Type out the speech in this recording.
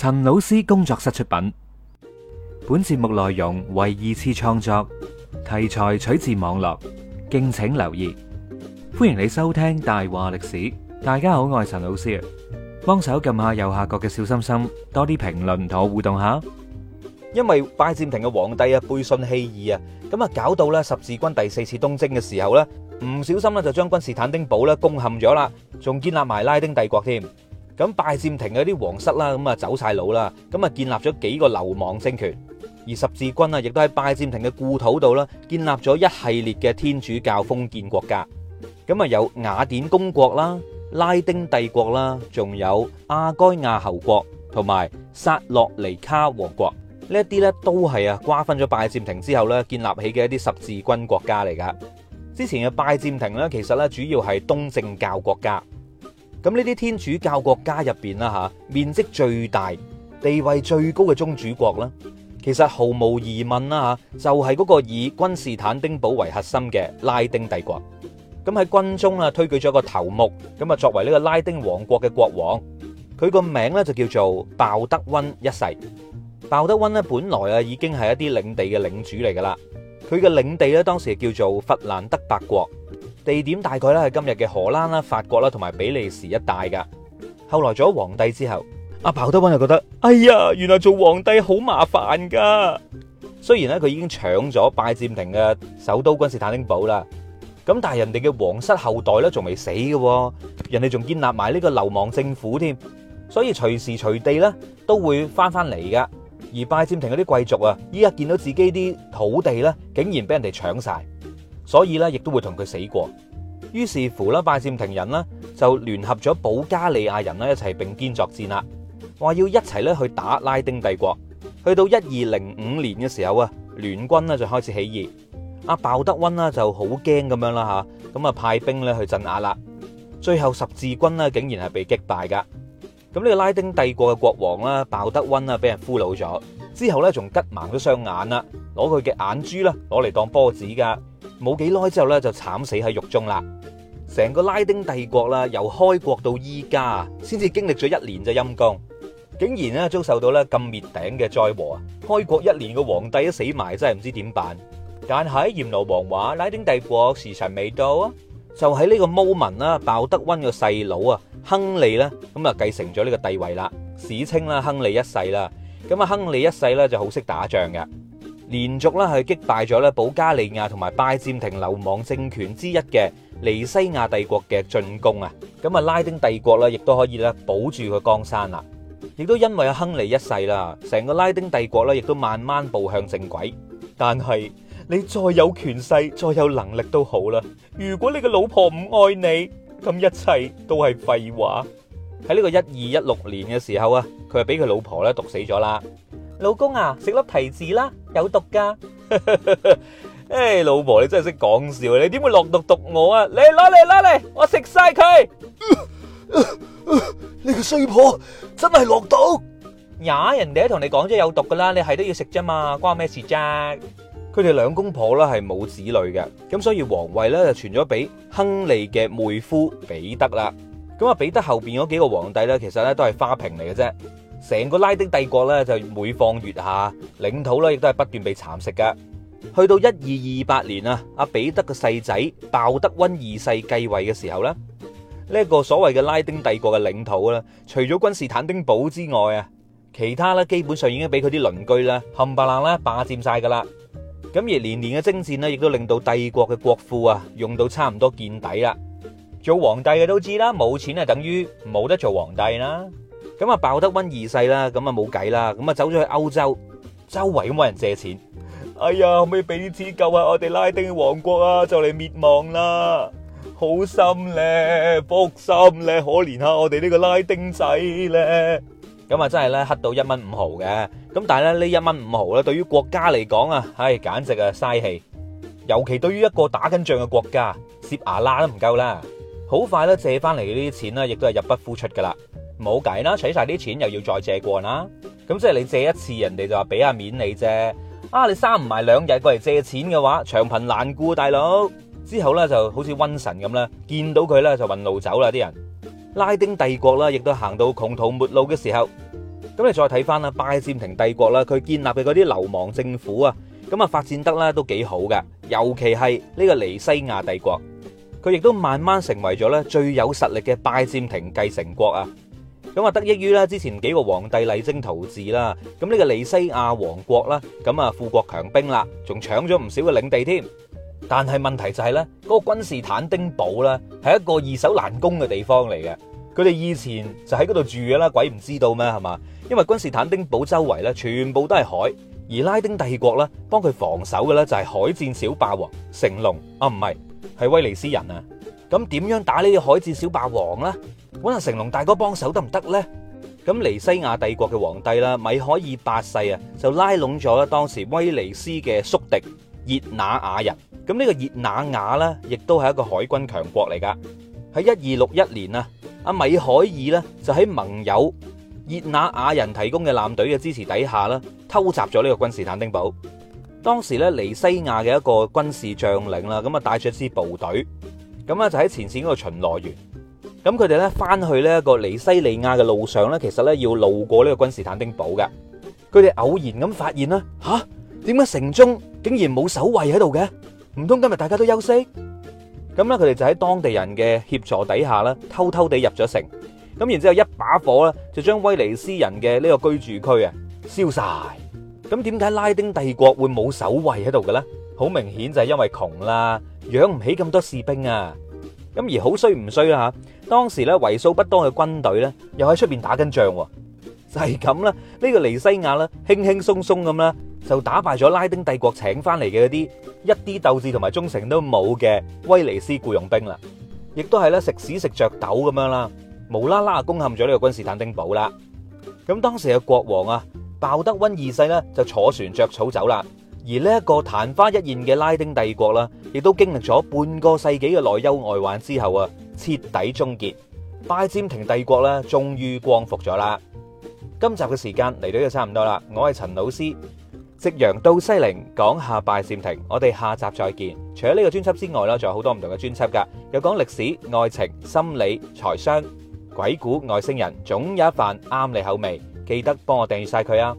陳老師工作室出品，本節目內容為二次創作，題材取自網絡，敬請留意。歡迎你收聽大話歷史。大家好，我係陳老師啊，幫手撳下右下角嘅小心心，多啲評論同我互動下。因為拜占庭嘅皇帝啊背信棄義啊，咁啊搞到咧十字軍第四次東征嘅時候咧，唔小心咧就將君士坦丁堡咧攻陷咗啦，仲建立埋拉丁帝國添。咁拜占庭嗰啲皇室啦，咁啊走晒佬啦，咁啊建立咗幾個流亡政權，而十字軍啊，亦都喺拜占庭嘅故土度啦，建立咗一系列嘅天主教封建國家。咁啊有雅典公國啦、拉丁帝國啦，仲有阿該亞侯國同埋薩洛尼卡王國，呢一啲呢，都係啊瓜分咗拜占庭之後呢，建立起嘅一啲十字軍國家嚟噶。之前嘅拜占庭呢，其實呢，主要係東正教國家。咁呢啲天主教國家入邊啦嚇，面積最大、地位最高嘅宗主國啦，其實毫無疑問啦嚇，就係嗰個以君士坦丁堡為核心嘅拉丁帝國。咁喺軍中啊，推舉咗一個頭目，咁啊作為呢個拉丁王國嘅國王，佢個名咧就叫做鮑德溫一世。鮑德溫咧，本來啊已經係一啲領地嘅領主嚟噶啦，佢嘅領地咧當時叫做佛蘭德伯國。地點大概咧係今日嘅荷蘭啦、法國啦同埋比利時一帶噶後來做咗皇帝之後，阿鮑德溫就覺得，哎呀，原來做皇帝好麻煩噶。雖然咧佢已經搶咗拜占庭嘅首都君士坦丁堡啦，咁但係人哋嘅皇室後代咧仲未死嘅，人哋仲建立埋呢個流亡政府添，所以隨時隨地咧都會翻翻嚟噶。而拜占庭嗰啲貴族啊，依家見到自己啲土地咧，竟然俾人哋搶晒。所以咧，亦都會同佢死過。於是乎咧，拜占庭人呢就聯合咗保加利亞人咧一齊並肩作戰啦，話要一齊咧去打拉丁帝國。去到一二零五年嘅時候啊，聯軍呢就開始起義。阿鮑德溫呢就好驚咁樣啦嚇，咁啊派兵咧去鎮壓啦。最後十字軍咧竟然係被擊敗噶。咁呢個拉丁帝國嘅國王啦，鮑德溫啊，俾人俘虜咗之後呢，仲吉盲咗雙眼啦，攞佢嘅眼珠啦攞嚟當波子噶。冇幾耐之後咧，就慘死喺獄中啦！成個拉丁帝國啦，由開國到依家啊，先至經歷咗一年啫，陰功，竟然咧遭受到咧咁滅頂嘅災禍啊！開國一年嘅皇帝都死埋，真係唔知點辦。但喺鹽奴王話拉丁帝國時辰未到啊，就喺呢個 moment 啦，鮑德温個細佬啊，亨利咧，咁啊繼承咗呢個帝位啦，史稱啦亨利一世啦。咁啊亨利一世咧就好識打仗嘅。連續咧係擊敗咗咧保加利亞同埋拜占庭流亡政權之一嘅尼西亞帝國嘅進攻啊！咁啊拉丁帝國咧亦都可以咧保住佢江山啦，亦都因為阿亨利一世啦，成個拉丁帝國咧亦都慢慢步向正軌。但係你再有權勢、再有能力都好啦，如果你嘅老婆唔愛你，咁一切都係廢話。喺呢個一二一六年嘅時候啊，佢係俾佢老婆咧毒死咗啦。老公啊，食粒提子啦，有毒噶。誒，老婆你真係識講笑，你點會落毒毒我啊？你攞嚟攞嚟，我食晒佢！你個衰婆真係落毒？呀，人哋都同你講咗有毒噶啦，你係都要食啫嘛，關我咩事啫？佢哋兩公婆咧係冇子女嘅，咁所以皇位咧就傳咗俾亨利嘅妹夫彼得啦。咁啊，彼得後邊嗰幾個皇帝咧，其實咧都係花瓶嚟嘅啫。成個拉丁帝國咧就每況愈下，領土咧亦都係不斷被蠶食嘅。去到一二二八年啊，阿彼得嘅細仔鮑德溫二世繼位嘅時候咧，呢、這、一個所謂嘅拉丁帝國嘅領土咧，除咗君士坦丁堡之外啊，其他咧基本上已經俾佢啲鄰居咧冚唪唥咧霸佔晒噶啦。咁而年年嘅征戰呢，亦都令到帝國嘅國庫啊用到差唔多見底啦。做皇帝嘅都知啦，冇錢啊等於冇得做皇帝啦。咁啊，爆得温二世啦，咁啊冇計啦，咁啊走咗去歐洲，周圍咁揾人借錢。哎呀，可唔可以俾啲錢救下我哋拉丁王國啊，就嚟滅亡啦！好心咧，福心咧，可憐下我哋呢個拉丁仔咧。咁啊，真係咧，乞到一蚊五毫嘅。咁但係咧，呢一蚊五毫咧，對於國家嚟講啊，唉，簡直啊嘥氣。尤其對於一個打緊仗嘅國家，蝕牙罅都唔夠啦。好快咧，借翻嚟呢啲錢啦，亦都係入不敷出噶啦。冇計啦，取曬啲錢又要再借過人啦。咁即係你借一次，人哋就話俾阿面你啫。啊，你三唔埋兩日過嚟借錢嘅話，長貧難顧，大佬。之後咧就好似瘟神咁啦，見到佢咧就暈路走啦啲人。拉丁帝國啦，亦都行到窮途末路嘅時候。咁你再睇翻啦，拜占庭帝國啦，佢建立嘅嗰啲流亡政府啊，咁啊發展得啦都幾好嘅。尤其係呢個尼西亞帝國，佢亦都慢慢成為咗咧最有實力嘅拜占庭繼承國啊。咁啊，得益於啦，之前幾個皇帝勵精圖治啦，咁呢個尼西亞王國啦，咁啊富國強兵啦，仲搶咗唔少嘅領地添。但係問題就係咧，呢個君士坦丁堡啦，係一個易守難攻嘅地方嚟嘅。佢哋以前就喺嗰度住嘅啦，鬼唔知道咩係嘛？因為君士坦丁堡周圍咧，全部都係海，而拉丁帝國咧，幫佢防守嘅咧就係海戰小霸王，成龍啊，唔係，係威尼斯人啊。咁點樣打呢啲海戰小霸王咧？搵阿成龍大哥幫手得唔得呢？咁尼西亞帝國嘅皇帝啦，米海爾八世啊，就拉攏咗當時威尼斯嘅宿敵熱那亞人。咁呢個熱那亞呢，亦都係一個海軍強國嚟噶。喺一二六一年啊，阿米海爾呢，就喺盟友熱那亞人提供嘅艦隊嘅支持底下呢，偷襲咗呢個君士坦丁堡。當時咧，尼西亞嘅一個軍事將領啦，咁啊帶住一支部隊，咁啊就喺前線嗰度巡邏完。咁佢哋咧翻去呢個尼西利亞嘅路上咧，其實咧要路過呢個君士坦丁堡嘅，佢哋偶然咁發現啦，吓點解城中竟然冇守衛喺度嘅？唔通今日大家都休息？咁咧佢哋就喺當地人嘅協助底下咧，偷偷地入咗城。咁然之後一把火咧，就將威尼斯人嘅呢個居住區啊燒晒。咁點解拉丁帝國會冇守衛喺度嘅咧？好明顯就係因為窮啦，養唔起咁多士兵啊！咁而好衰唔衰啦吓，當時咧為數不多嘅軍隊咧，又喺出邊打緊仗，就係咁啦，呢個尼西亞啦，輕輕鬆鬆咁啦，就打敗咗拉丁帝國請翻嚟嘅嗰啲一啲鬥志同埋忠誠都冇嘅威尼斯僱傭兵啦，亦都係咧食屎食着豆咁樣啦，無啦啦啊攻陷咗呢個君士坦丁堡啦，咁當時嘅國王啊，鮑德溫二世咧就坐船着草走啦，而呢一個曇花一現嘅拉丁帝國啦。亦都經歷咗半個世紀嘅內憂外患之後啊，徹底終結，拜占庭帝國啦，終於光復咗啦。今集嘅時間嚟到就差唔多啦，我係陳老師，夕陽到西陵講下拜占庭，我哋下集再見。除咗呢個專輯之外呢，仲有好多唔同嘅專輯噶，有講歷史、愛情、心理、財商、鬼故、外星人，總有一份啱你口味，記得幫我訂閱晒佢啊！